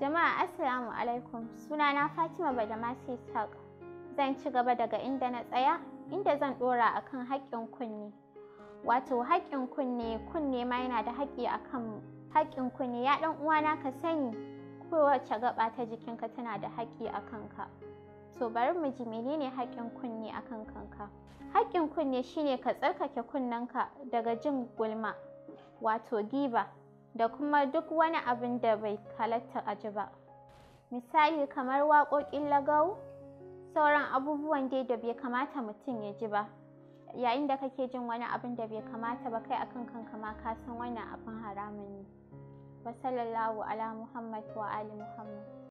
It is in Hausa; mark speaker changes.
Speaker 1: Jama'a Assalamu alaikum sunana Fatima Badamasi Saq zan ci gaba daga inda na tsaya inda zan dora akan haƙƙin kunne wato haƙƙin kunne kunne ma yana da haƙƙi akan haƙƙin kunne ya ɗan uwana ka sani kowace gaba ta jikinka tana da haƙƙi a kanka to bari mu ji menene haƙƙin kunne akan kanka haƙƙin kunne shine ka tsarkake kunnenka daga jin gulma wato giba da kuma duk wani abin da bai halatta a ji ba misali kamar waƙoƙin lagau sauran abubuwan dai da bai kamata mutum ya ji ba yayin da kake jin wani abin da bai kamata ba kai akan kanka ma ka san wannan abin haramun ne wa sallallahu ala muhammad
Speaker 2: wa ali muhammad